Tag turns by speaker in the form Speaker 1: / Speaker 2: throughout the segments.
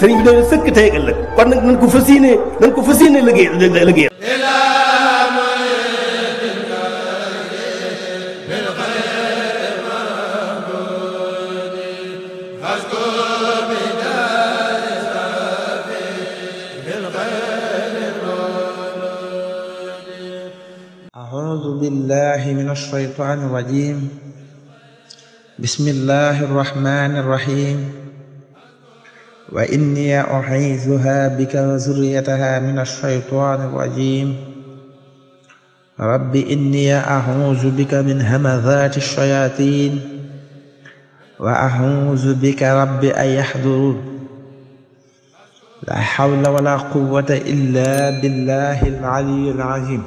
Speaker 1: sëriñ bi doon sëkk tey ak ëllëg kon nag nañ ko fas yéene nañ ko fas yéene liggéey liggéey بالله من الشيطان الرجيم بسم الله الرحمن الرحيم wa inni u'iizuha bika wa zurriyataha mina shaytaani rajiim rabbi inni a'uuzu bika min hamazaati shayaatiin wa a'uuzu bika rabbi an yahduruun laa hawla wa laa quwwata illaa billaahil aliyyil aziim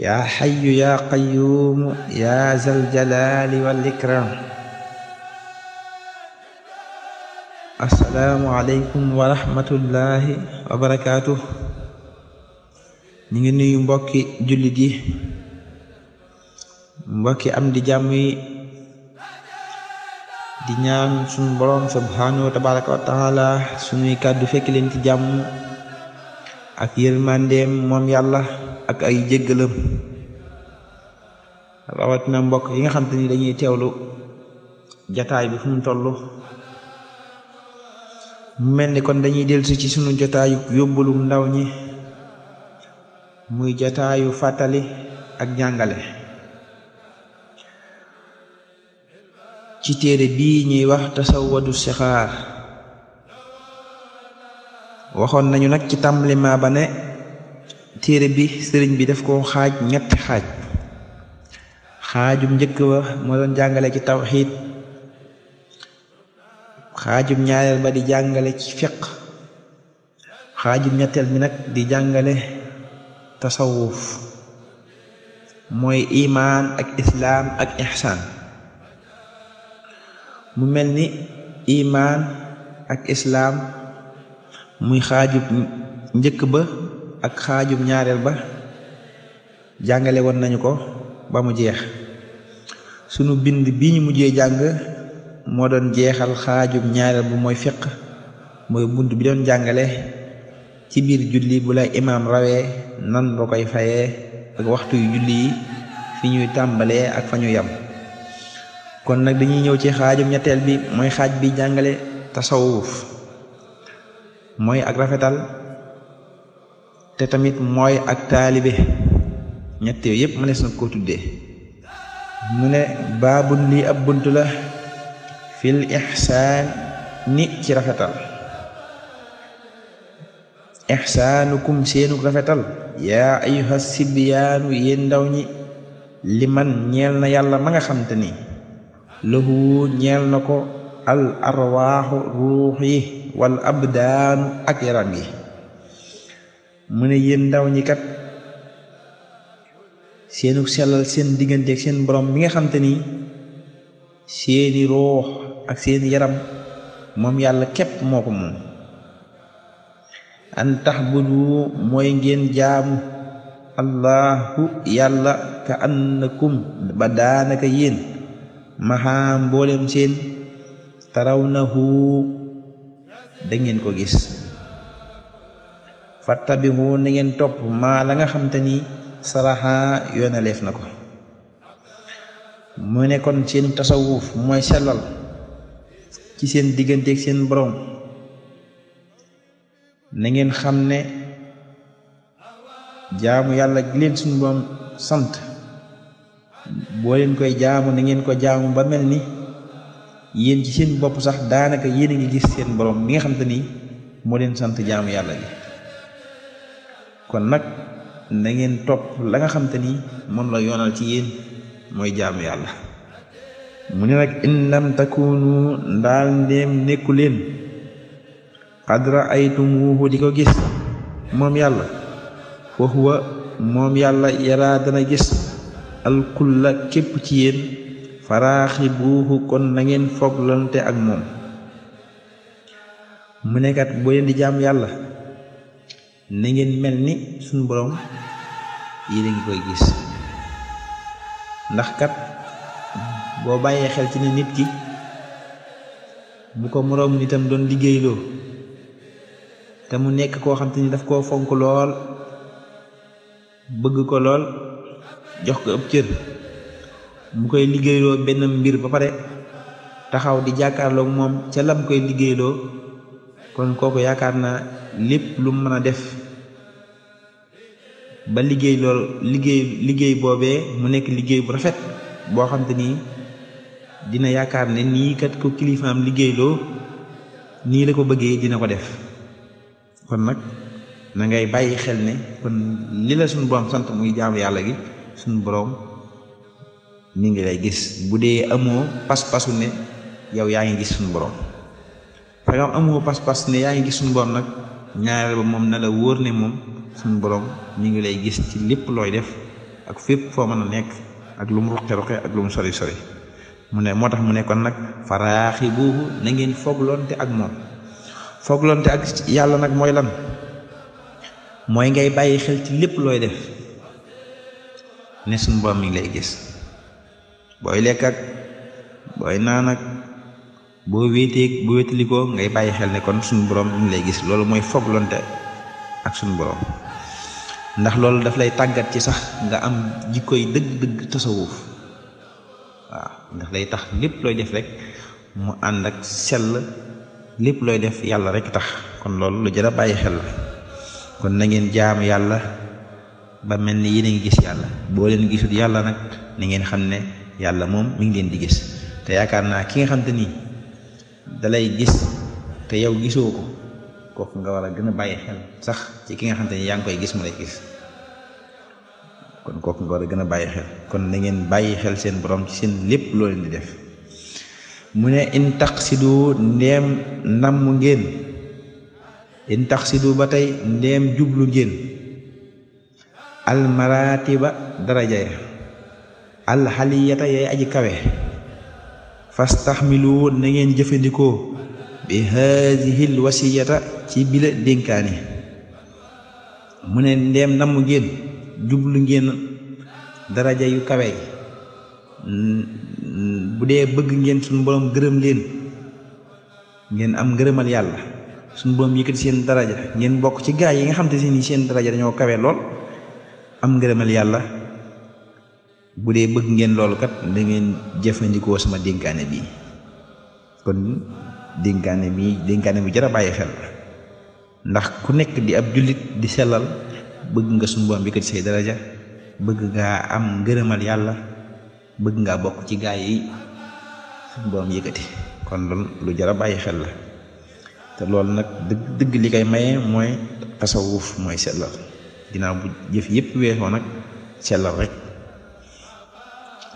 Speaker 1: yaa hayyu yaa qayyuum yaa zal jalaali wal ikraam asalaamualeykum wa rahmatullahi wa barakaatu ñu ngi nuyu mbokki jullit yi mbokki am di jàmm di ñam suñu boroom subhaanahu tabaraka wa taala suñuy kàddu fekk leen ci jàmm ak yërmandeem moom yàlla ak ay jéggalam rawatina mbokk yi nga xam te ni dañuy teewlu jataay bi fu mu mel ni kon dañuy dellusi ci sunu jotaayu yóbbalu ndaw ñi muy jataayu fàttali ak jàngale ci téere bii ñuy wax tasaw tasawwadu sixaar waxoon nañu nag ci tàmbalima ba ne téere bi sëriñ bi daf ko xaaj ñetti xaaj xaajum njëkk ba moo doon jàngale ci tawxiid xaajum ñaareel ba di jàngale ci fiq xaajum ñetteel bi nag di jàngale tasawuf mooy imaan ak islaam ak ixsaan mu mel ni iimaan ak islaam muy xaajub njëkk ba ak xaajum ñaareel ba jàngale woon nañu ko ba mu jeex sunu bind bi ñu mujjee jàng moo doon jeexal xaajub ñaareel bu mooy fiq mooy bunt bi doon jàngale ci biir julli bu la imaam rawee nan nga koy fayee ak waxtu yu julli yi fi ñuy tàmbalee ak fa ñu yam kon nag dañuy ñëw ci xaajub ñetteel bi mooy xaaj bi jàngale tasawuf mooy ak rafetal te tamit mooy ak taalibe ñett yooyu yëpp mënees na koo tuddee mu ne baabun lii ab bunt la fil ixsaani ci rafetal ixsaanukum seenuk rafetal yaa ayuha sibyaanu yéen ndaw ñi li man ñeel na yàlla ma nga xamte ni lahu ñeel na ko al arwaaxu ruux yi wal abdaanu ak yaram gi mu ne yéen ndaw ñi kat seenuk sellal seen digganteeg seen borom bi nga xamte ni seeni ruux ak seen yaram moom yàlla képp moo ko moom an taxbudu mooy ngeen jaamu allahu yàlla ka annakum ba daanaka yéen maxaa mboolem seen tarawnahu da ngeen ko gis fattabihu na ngeen topp maa la nga xam ni saraxa yoonaleef na ko mu nekkoon kon seen tasawuf mooy sellal ci seen digganteeg seen borom na ngeen xam ne jaamu yàlla gi leen suñu borom sant boo leen koy jaamu na ngeen ko jaamu ba mel ni yéen ci seen bopp sax daanaka yéen a ngi gis seen borom mi nga xam te ni moo leen sant jaamu yàlla gi kon nag na ngeen topp la nga xam te ni moom la yoonal ci yéen mooy jaamu yàlla mu ne nag in lam takunu ndaal ndéem nekku leen xadra aytumuhu di ko gis moom yàlla fa moom yàlla yaraa dana gis alkulla képp ci yéen faraaxi buuxu kon na ngeen foglante ak moom mu nekkat boo leen di jaam yàlla na ngeen mel ni suñu boroom yéen ngi koy gis ndax kat boo bàyyee xel ci ne nit ki bu ko moroom nitam doon liggéeyloo te mu nekk koo xam te ni daf koo fonk lool bëgg ko lool jox ko ëpp cër mu koy liggéeyloo benn mbir ba pare taxaw di jàkkaarloog moom ca lam koy liggéeyloo kon kooku yaakaar naa lépp lu mën a def ba liggéey loolu liggéey liggéey boobee mu nekk liggéey bu rafet boo xam te dina yaakaar ne nii kat ko kilifaam liggéeyloo nii la ko bëggee dina ko def kon nag na ngay bàyyi xel ne kon li la suñu borom sant muy jaamu yàlla gi suñu boroom mi ngi lay gis bu dee amoo pas-pasu ne yow yaa ngi gis suñu borom fagam amoo pas-pas ne yaa ngi gis suñu borom nag ñaareel ba moom na la wóor ne moom suñu borom mi ngi lay gis ci lépp looy def ak fépp foo mën a nekk ak lu mu ruqe ruqe ak lu mu sori sori mu ne moo tax mu ne kon nag faraaxi buubu na ngeen foogloonte ak moom foogloonte ak yàlla nag mooy lan mooy ngay bàyyi xel ci lépp looy def ne suñu borom mi ngi lay gis booy lekk ak booy naan ak boo wéeteeg boo ngay bàyyi xel ne kon suñu borom mi gis loolu mooy foogloonte ak suñu borom ndax loolu daf lay tàggat ci sax nga am jikkoy dëgg-dëgg tasawuf ndax day tax lépp looy def rek mu ànd ak sell lépp looy def yàlla rek tax kon loolu lu jar a bàyyi xel la kon na ngeen jaamu yàlla ba mel ni yéen a ngi gis yàlla boo leen gisut yàlla nag na ngeen xam ne yàlla moom mi ngi leen di gis te yaakaar naa ki nga xam te ni dalay gis te yow gisoo ko kooku nga war a gën a bàyyi xel sax ci ki nga xam te yaa ngi koy gis mu lay gis. kon kooku nga war a gën a bàyyi xel kon na bàyyi xel seen boroom ci seen lépp loo leen di def mu ne in taqsidu ndeem namm ngeen in taqsidu ba tey ndeem jublu ngeen almaratiba daraja ya alxaliyata yay aji kawe fas fastaxmilu na ngeen jëfandikoo bi haazihil wasiyata ci bila dénkaani mu ne ndeem namm ngeen jublu ngeen daraja yu kawe bu dee bëgg ngeen suñu borom gërëm leen ngeen am ngërëmal yàlla suñu borom yëkkati seen daraja ngeen bokk ci gaa yi nga xam te ni seen daraja dañoo kawe lool am ngërëmal yàlla bu dee bëgg ngeen loolukat kat da ngeen jëfandikoo sama dénkaane bi kon dénkaane bi dénkaane bu jar a bàyyi xel ndax ku nekk di ab jullit di selal bëgg nga suñu borom yëkkati say daraja bëgg ngaa am ngërëmal yàlla bëgg ngaa bokk ci gaa yi suñu borom kon loolu lu jar a bàyyi xel la te loolu nag dëgg dëgg li koy maye mooy tasawuf mooy sellal ginnaaw bu jëf yépp weexoo nag sellal rek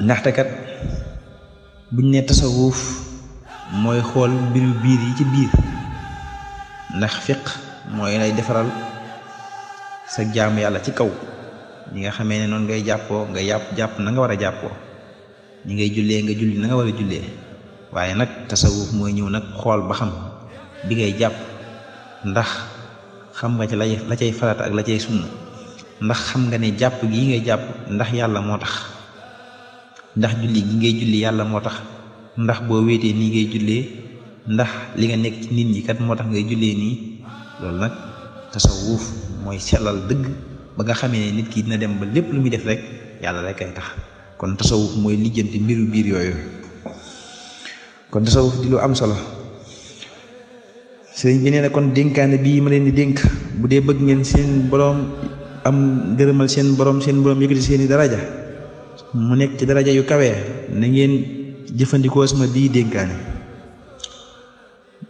Speaker 1: ndaxte kat buñ ne tasawuf mooy xool mbiru biir yi ci biir ndax fiq mooy lay defaral sa jaamu yàlla ci kaw ñi nga xame ne noonu ngay jàppoo nga yàpp jàpp na nga war a jàppoo ñi ngay jullee nga julli na nga war a jullee waaye nag tasawuf mooy ñëw nag xool ba xam bi ngay jàpp ndax xam nga ci la cay farata ak la cay sunna ndax xam nga ne jàpp gii ngay jàpp ndax yàlla moo tax ndax julli gi ngay julli yàlla moo tax ndax boo wéetee nii ngay jullee ndax li nga nekk ci nit ñi kat moo tax ngay jullee nii loolu nag tasawuf mooy sellal dëgg ba nga xamee nit kii dina dem ba lépp lu muy def rek yàlla rek ay tax kon tasawuf mooy lijjanti mbiru biir yooyu kon tasawuf di lu am solo sëriñ bi nee kon dénkaane bii ma leen di dénk bu dee bëgg ngeen seen boroom am gërëmal seen boroom seen boroom yëkkati seeni daraja mu nekk ci daraja yu kawee na ngeen jëfandikoo sama bii dénkaane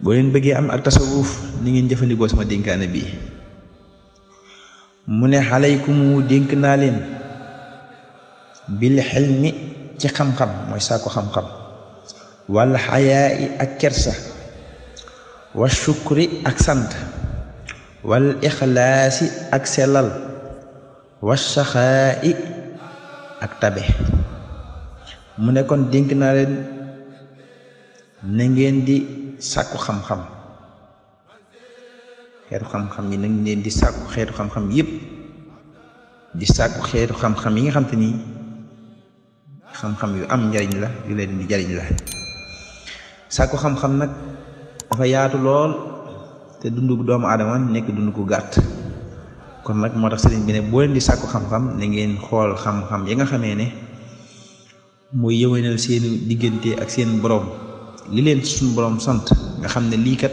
Speaker 1: boo leen bëggee am ak tasawuf ni ngeen jëfandikoo sama dénkaane bii mu ne xaley xalaykumu dénk naa leen bil xilmi ci xam-xam mooy saako xam-xam wal xayaa i ak kersa wa shukri ak sant wal ixlaasi ak selal wa saxaa i ak tabe mu ne kon dénk naa leen na ngeen di sàkku xam-xam xeetu xam-xam yi nañ leen di sàkku xeetu xam-xam yépp di sàkku xeetu xam yi nga xam te ni xam-xam yu am njariñ la yu leen la sàkku xam-xam nag dafa yaatu lool te dundu doomu aadama nekk dundu ko gàtt kon nag moo tax sëriñ bi ne boo leen di sàkku xam-xam na ngeen xool xam-xam yi nga xamee ne mooy yëwénal seeni diggante ak seen borom li leen suñu borom sant nga xam ne lii kat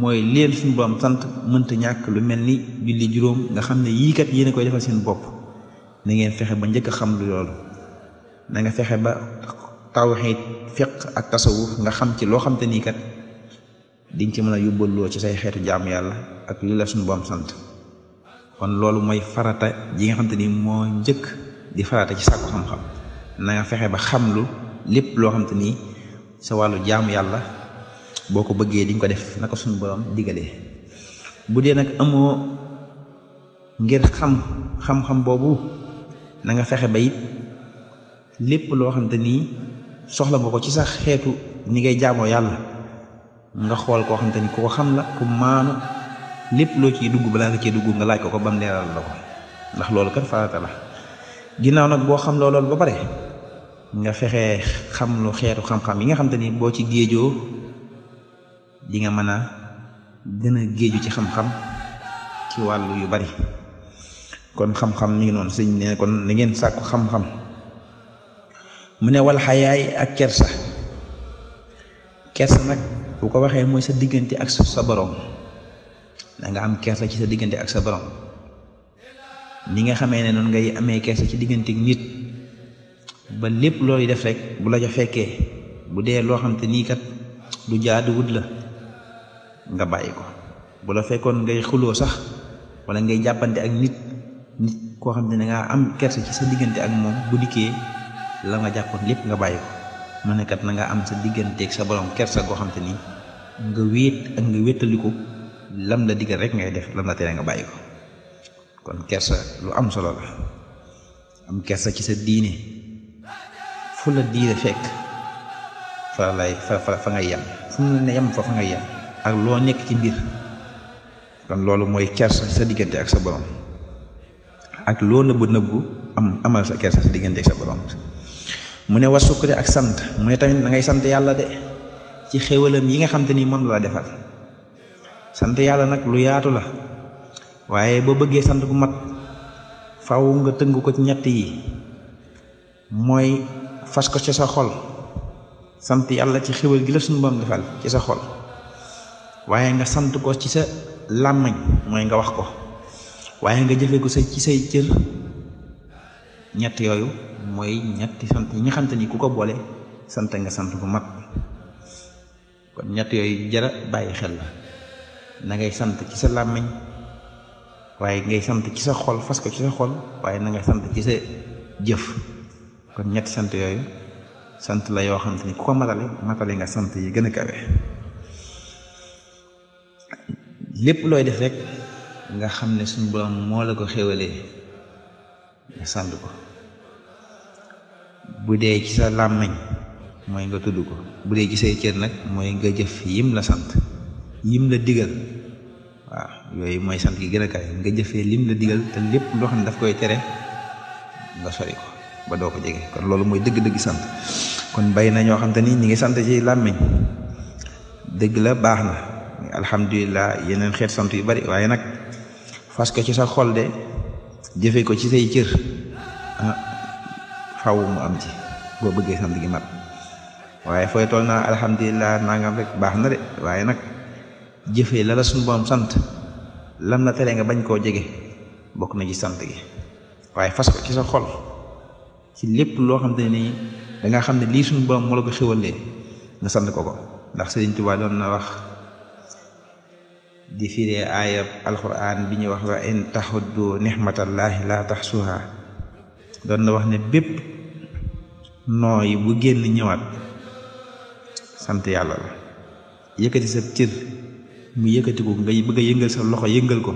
Speaker 1: mooy leen suñu borom sant mënta ñàkk lu mel ni julli juróom nga xam ne yii kat yéen koy defal seen bopp na ngeen fexe ba njëkk a xam loolu na nga fexe ba tawxiid fiq ak tasawuf nga xam ci loo xam te nii kat diñ ci mën a yóbbaloo ci say xeetu jaamu yàlla ak li la suñu borom sant kon loolu mooy farata ji nga xam te ni moo njëkk di farata ci sàkku xam-xam na nga fexe ba xam lu lépp loo xam te nii sa wàllu jaamu yàlla boo ko bëggee di nga ko def na ko suñu borom digalee bu dee nag amoo ngir xam xam-xam boobu na nga fexe ba it lépp loo xam te nii soxla nga ko ci sax xeetu ni ngay jaamoo yàlla nga xool koo xam te ni ku ko xam la ku maanu lépp loo ciy dugg balaa nga cee dugg nga laaj ko ko ba mu leeral la ko ndax loolu kat farata la ginnaaw nag boo xam loolool ba pare nga fexe xam lu xeetu xam-xam yi nga xam te ni boo ci géejoo di nga mën a gën a géeju ci xam-xam ci wàllu yu bari kon xam-xam mi ngi noonu sëñ ne kon na ngeen sàkku xam-xam mu ne walxayaay ak kersa kersa nag bu ko waxee mooy sa diggante ak sa borom da nga am kersa ci sa diggante ak sa borom ni nga xamee ne noonu ngay amee kersa ci diggante nit ba lépp looy def rek bu la ja fekkee bu dee loo xam te nii kat du jaaduwut la nga bàyyi ko bu la fekkoon ngay xuloo sax wala ngay jàppante ak nit nit koo xam ne dangaa am kerse ci sa diggante ak moom bu dikkee la nga jàppoon lépp nga bàyyi ko mu ne na nga am sa digganteeg sa borom kersa goo xam ni nga wéet ak nga wéttaliku lam la diggal rek ngay def lam la tere nga bàyyi ko kon kersa lu am solo la am kersa ci sa diine fu la diine fekk fa lay fa fa ngay yem fu mu ne yem fa fa ngay yem ak loo nekk ci biir kon loolu mooy kersa sa diggante ak sa borom ak loo nëbbu nëbbu am amal sa kersa sa diggante ak sa borom mu ne wa sukkure ak sant mu ne tamit da ngay sant yàlla de ci xéwalam yi nga xam te ni moom la defal sant yàlla nag lu yaatu la waaye boo bëggee sant bu mat faw nga tënk ko ci ñett yi mooy fas ko ci sa xol sant yàlla ci xéwal gi la suñu borom defal ci sa xol waaye nga sant ko ci sa làmmiñ mooy nga wax ko waaye nga jëfe ko sa ci say cër ñett yooyu mooy ñetti sant ñi nga ni ku ko boole sant nga sant bu mat kon ñett yooyu jara bàyyi xel la na ngay sant ci sa làmmiñ waaye ngay sant ci sa xol fas ko ci sa xol waaye na ngay sant ci sa jëf kon ñett sant yooyu sant la yoo xam ni ku ko matale matale nga sant yi gën a kawe lépp looy def rek nga xam ne suñu borom moo la ko xéwalee nga sant ko bu dee ci sa làmmiñ mooy nga tudd ko bu dee ci say cër nag mooy nga jëf yim la sant yim la digal waaw yooyu mooy sant gi gën a kaay nga jëfee lim la digal te lépp loo xam ne daf koy tere nga sori ko ba doo ko jege kon loolu mooy dëgg-dëgg sant kon bay na ñoo xam te ni ñi ngi sant ci làmmiñ dëgg la baax na alhamdulilah yeneen xeet sant yu bari waaye nag fas ko ci sa xol de jëfe ko ci say cër ah faw mu am ci boo bëggee sant gi mat waaye fooy toll naa alhamdulilah nangam rek baax na de waaye nag jëfe la la sant lam na tere nga bañ koo jege bokk na ci sant gi waaye fas ko ci sa xol ci lépp loo xam te nii da nga xam ne lii suñu boom moo la ko xéwalee nga sant ko ko ndax Sëriñ Tuubaa doon na wax di firee aayab alquran bi ñuy wax wa in taxuddu laa tax taxsuha doon na wax ne bépp nooy bu génn ñëwaat sant yàlla la yëkkati sa cër mu yëkkati ko nga bëgg a yëngal sa loxo yëngal ko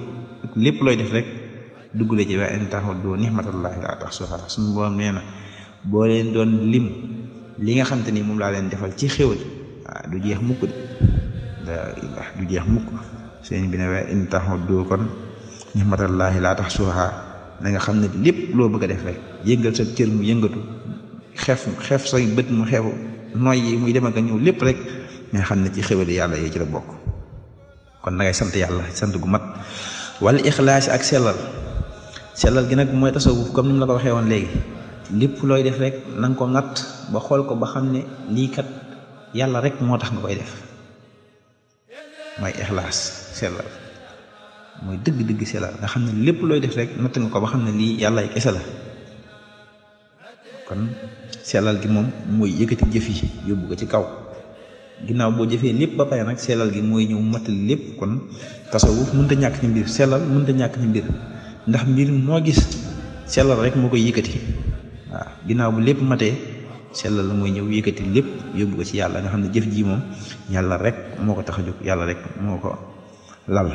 Speaker 1: lépp looy def rek duggule ci wa in taxuddu laa tax taxsuha suñu borom nee na boo leen doon lim li nga xam te ni moom laa leen defal ci xéwal waaw ah, du jeex mukk de du jeex mukk sëriñ bi ne waaye in taxuddu kon nixmatallaahi laa tax suuxa na nga xam ne lépp loo bëgg a def rek yëngal sa cër mu yëngatu xeef xeef say bët mu xew noy yi muy dem ak ñëw lépp rek nga xam ne ci xéwali yàlla yi ci la bokk kon nag sant yàlla sant gu mat wala ixlaas ak sellal sellal gi nag mooy tasawuf comme ni mu la ko waxee woon léegi lépp looy def rek na ko natt ba xool ko ba xam ne lii kat yàlla rek moo tax nga koy def mooy ixlaas sellal mooy dëgg-dëgg sellal nga xam ne lépp looy def rek natt nga ko ba xam ne lii yàlla ay kon sellal gi moom mooy yëkkati jëf yi ko ci kaw ginnaaw boo jëfee lépp ba pare nag gi mooy ñëw matal lépp kon tasawuf mënta ñàkk ci mbir sellal mënta ñàkk ci mbir ndax mbir moo gis sellal rek moo koy yëkkati waaw ginnaaw bu lépp matee sellal la mooy ñëw yëkkati lépp yóbbu ko ci yàlla nga xam ne jëf ji moom yàlla rek moo ko tax a jóg yàlla rek moo ko lal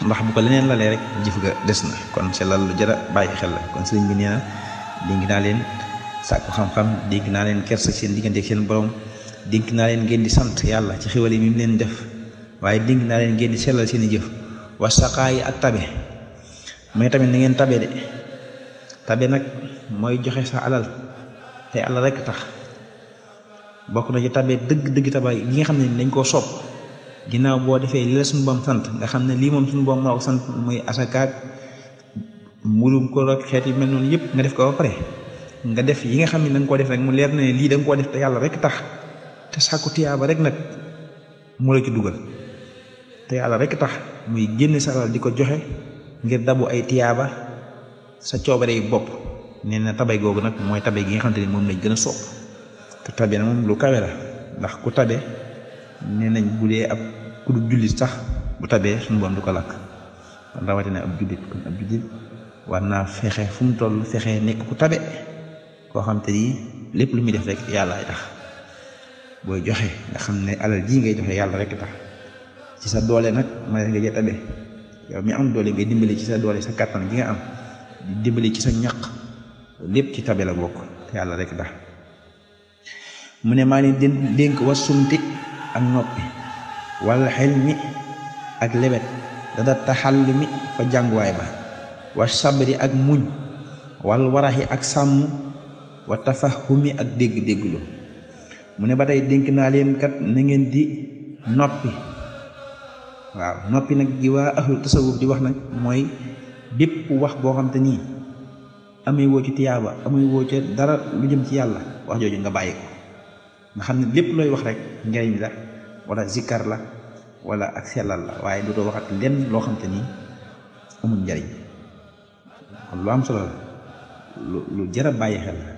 Speaker 1: ndax bu ko leneen lalee rek jëf ga des na kon ci lu jara bàyyi xel la kon sëriñ bi nee na dénk naa leen sàkku xam-xam dénk naa leen kersa seen diggante ak seen borom dénk naa leen ngeen di sant yàlla ci xéwal yi mi mu leen def waaye dénk naa leen ngeen di sellal seen i jëf wasaqaa yi ak tabe mais tamit na ngeen tabe de tabe nag mooy joxe sa alal te alal rek tax bokk na ci tabe dëgg dëgg tabaay yi nga xam ne dañ koo sopp ginnaaw boo defee li la suñu boom sant nga xam ne lii moom suñu boom moo ko sant muy asakaak mburum ko rek xeet mel noonu yëpp nga def ko ba pare nga def yi nga xam ne da nga koo def rek mu leer na lii da nga def te yàlla rek tax te sàkku tiyaaba rek nag mu la ci dugal te yàlla rek tax muy génn sa di ko joxe ngir dabu ay tiyaaba sa coobare yi bopp nee na tabe googu nag mooy tabe gi nga xamante ni moom lañ gën a sopp te tabe moom lu kawe la ndax ku tabe nee nañ bu dee ab ku du jullit sax bu tabee suñu boom du ko lakk kon rawatina ab jullit kon ab jullit war naa fexe fu mu toll fexe nekk ku tabe koo xam te ni lépp lu muy def rek yàllaay tax booy joxe nga xam ne alal ji ngay joxe yàlla rek tax ci sa doole nag ma ne nga ja tabe yow mi am doole ngay dimbali ci sa doole sa kàttan gi nga am di dimbali ci sa ñaq lépp ci tabe la bokk yàlla rekk tax mu ne maa ngi dénk wasumti ak noppi wal xel mi ak lebet dada taxall mi fa jànguwaay ba wa sabri ak muñ wal waraxi ak sàmm wa tafahumi ak dégg-dégglu mu ne ba tey dénk naa leen kat na ngeen di noppi waaw noppi nag gi waa ahlu tasawuf di wax nag mooy bépp wax boo xam te nii amee woo ci tiyaaba amee woo ca dara lu jëm ci yàlla wax jooju nga bàyyi ko nga xam ne lépp looy wax rek njariñ la wala zikkar la wala ak sellal la waaye du doo waxat lenn loo xam te ni amul njariñ lu am solo la lu lu jar bàyyi xel la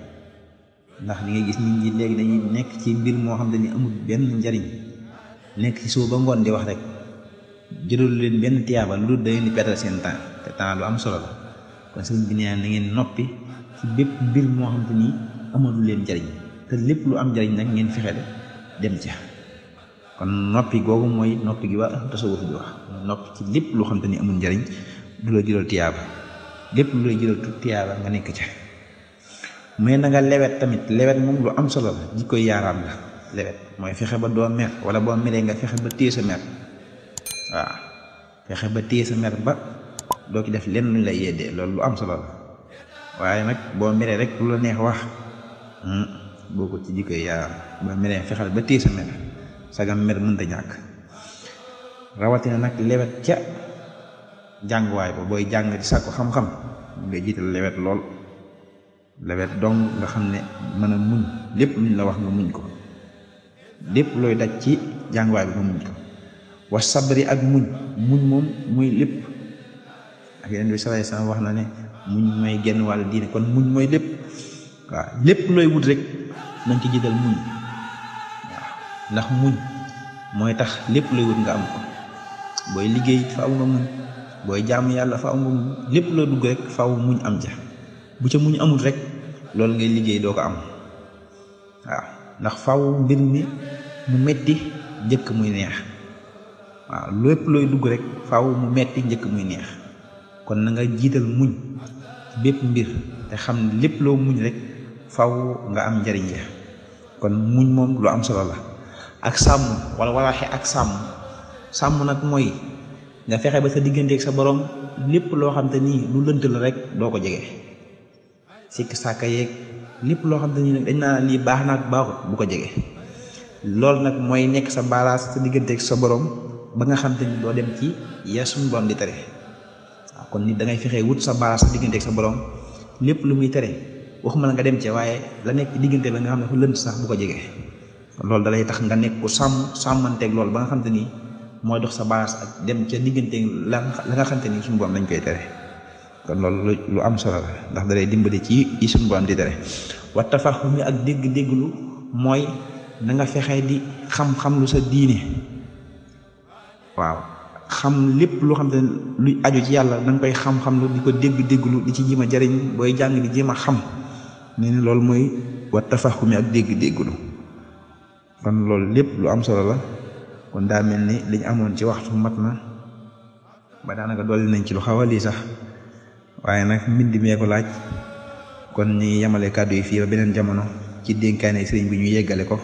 Speaker 1: ndax li ngay gis nit ñi léegi dañuy nekk ci mbir moo xam te ni amul benn njariñ nekk ci suba ba ngoon di wax rek jëlul leen benn tiyaaba lu dul day ni perte seen temps te temps lu am solo la kon sëriñ bi nee na ngeen noppi ci bépp mbir moo xam te amalu leen njariñ te lépp lu am njariñ nag ngeen fexe dem ca kon noppi googu mooy noppi gi waa tasawuf bi nopp ci lépp loo xam ni amul njariñ du la jural tiyaaba lépp lu lay jural tiyaaba nga nekk ca mais na nga lewet tamit lewet moom lu am solo la jikko yaaraam la lewet mooy fexe ba doo wala boo meree nga fexe ba téye sa mer fexe ba téye sa ba doo ki def lenn lu lay yeddee loolu lu am solo la waaye nag boo meree rek lu la neex wax hmm, boo ko ci jikko yaaraam boo meree fexeel ba téye sa mer sagam mer mënta ñàkk rawatina nag lewet ca jànguwaay ba booy jàng di sàkku xam-xam ngay jiital lewet lool lewet dong nga xam ne mën a muñ lépp luñ la wax nga muñ ko lépp looy daj ci jànguwaay bi nga muñ ko wa sabri ak muñ muñ moom muy lépp ak yeneen bi sallallahu alayhi wasallam wax na ne muñ mooy genn wàll diine kon muñ mooy lépp waaw lépp looy wut rek nañ ci jiital muñ ndax muñ mooy tax lépp looy wut nga am booy liggéey faaw nga muñ booy jaamu yàlla faaw nga muñ lépp loo dugg rekk faw muñ am ja bu ca muñ amul rek loolu ngay liggéey doo ko am waaw ndax faaw mbir mi mu metti njëkk muy neex waaw lépp looy dugg rekk faw mu metti njëkk muy neex kon na nga jiital muñ bépp mbir te xam ne lépp loo muñ rek faw nga am njariñ ya kon muñ moom lu am solo la ak sàmm wala walaaxe ak sàmm sàmm nag mooy nga fexe ba sa digganteeg sa borom lépp loo xam te lu lënt rek doo ko jege sikk sàkka yeeg lépp loo xam te nii nag dañ naa lii baax na ak bu ko jege loolu nag mooy nekk sa balance sa digganteeg sa borom ba nga xam ni doo dem ci ya suñu borom di tere waaw kon nit da ngay fexe wut sa balance sa sa borom lépp lu muy tere waxuma la nga dem ci waaye la nekk diggante ba nga xam ne fu lënt sax bu ko jege. loolu dalay tax nga nekk ku sàmm sàmmanteeg loolu ba nga xam te ni mooy dox sa baas ak dem ca digganteeg la nga xam te ni suñu borom lañ koy tere kon loolu lu am solo la ndax dalay dimbali ci yi suñu borom di tere wa tafahumi ak dégg-dégglu mooy na fexe di xam lu sa diine waaw xam lépp loo xam ne luy aju ci yàlla da koy xam lu di ko dégg-dégglu di ci jéem a jariñ booy jàng di jéem a xam nee ne loolu mooy wa tafahumi ak dégg-dégglu kon loolu lépp lu am solo la kon daa mel ni liñ amoon ci waxtu mat na ba daanaka dolli nañ ci lu xaw a lii sax waaye nag mbind mee ko laaj kon ñu yamale kàddu yi fii ba beneen jamono ci dénkaane sëriñ bi ñu yeggale ko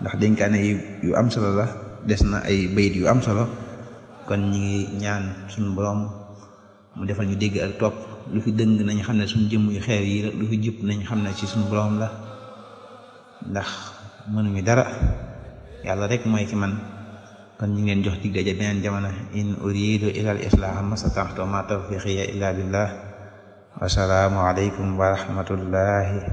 Speaker 1: ndax dénkaane yu am solo la des na ay bayit yu am solo kon ñi ngi ñaan suñu borom mu defal ñu dégg ak topp lu fi dëng nañu xam ne suñu jëmm yu xeew yi la lu fi jub nañ xam ne ci suñu borom la ndax mënuñu dara yàlla rekk mooy ki man kon ñu ngi jox dig daje beneen jamono in uridu ila al islaaha masataxtu ma tawfiqiya illa billah wasalaamu aleykum wa rahmatullahi